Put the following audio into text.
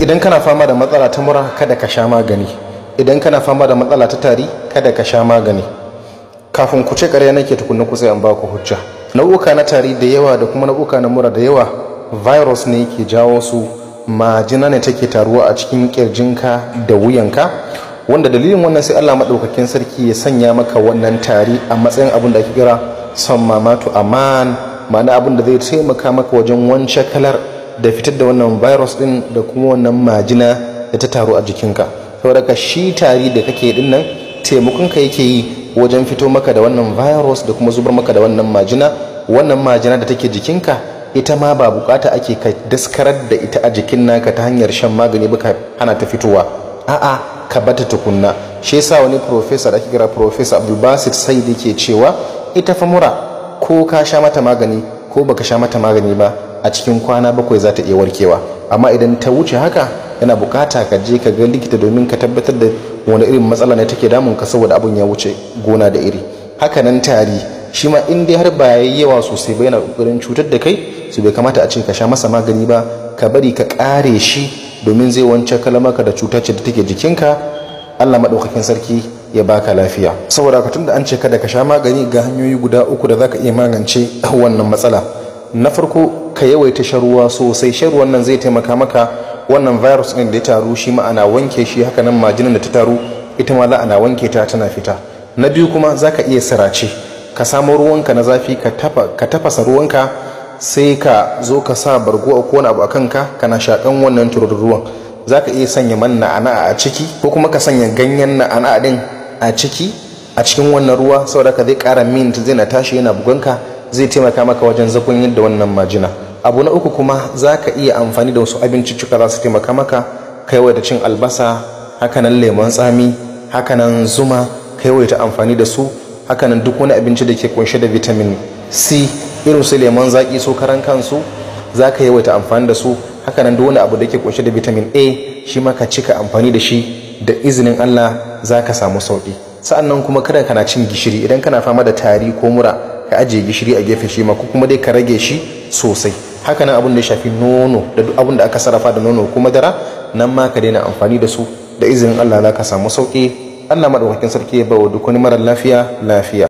idan kana fama da matsala ta mura kada ka sha magani idan kana fama da matsala ta tari kada ka sha magani kafin ku ce ƙarya nake tukunna ku sai an ba ku hujja nau'uka na tari da yawa da kuma nau'uka na mura da yawa virus ne yake jawo su majina ne take taruwa a cikin kirjinka da wuyanka wanda dalilin wannan sai Allah maɗaukakin sarki ya sanya maka wannan tari a matsayin abin da ake kira son mamatu aman ma'ana abin da zai taimaka maka wajen wance kalar da fitar da wannan virus din da kuma wannan majina da ta taru a jikinka saboda ka shi tari da kake din nan taimakon ka yake yi wajen fito maka da wannan virus da kuma zubar maka da wannan majina wannan majina da take jikinka ita ma ba bukata ake ka daskarar da ita a jikin naka ta hanyar shan magani ba ka hana ta fitowa a'a ka bata tukunna shi yasa wani professor da ake kira professor Basit Said yake cewa ita fa mura ko ka sha mata magani ko baka sha mata magani ba a cikin kwana bakwai za ta iya warkewa amma idan ta wuce haka yana bukata ka je ka ga likita domin ka tabbatar da wani irin matsala ne take damun ka saboda abun ya wuce gona da iri haka nan tari shi ma in dai har ba yi yawa sosai ba yana kokarin cutar da kai su bai kamata a ce ka sha masa magani ba ka bari ka kare shi domin zai wancan kalamaka da cuta ce da take jikinka Allah maɗaukakin sarki ya baka lafiya saboda ka tunda an ce kada ka sha magani ga hanyoyi guda uku da zaka iya magance wannan matsala na farko ka yawaita sharuwa sosai sharuwan nan zai taimaka maka wannan virus ɗin da ya taru shi ma ana wanke shi haka nan majinan da ta taru ita ma za ana wanke ta tana fita na biyu kuma za ka iya sirace ka samo ruwanka na zafi ka tafasa ruwanka sai ka zo ka sa bargo a kowane abu a kanka kana shakan wannan turar ruwan za ka iya sanya man na'ana a ciki ko kuma ka sanya ganyen na'ana din a ciki a cikin wannan ruwa saboda ka zai ƙara mint zai na tashi yana buganka zai taimaka maka wajen zakon yadda wannan majina abu na uku kuma za ka iya amfani da wasu abinciccuka za su taimaka maka da cin albasa hakanan lemon tsami hakanan zuma ta amfani da su hakanan duk wani abinci da ke kunshe da vitamin c irin su lemon zaki su karan kansu za ka yawaita amfani da su hakanan duk wani abu da ke kunshe da vitamin a shi ma ka cika amfani da shi da izinin allah za ka samu sauƙi sa'annan kuma kada kana cin gishiri idan kana fama da tari ko mura ka ajiye gishiri a gefe shi ma ko kuma dai ka rage shi sosai hakanan nan abin da ya shafi nono da duk abin da aka sarrafa da nono ko madara nan ma ka daina amfani da su da izinin Allah za ka samu sauƙi Allah madaukakin sarki ya bawa duk wani marar lafiya lafiya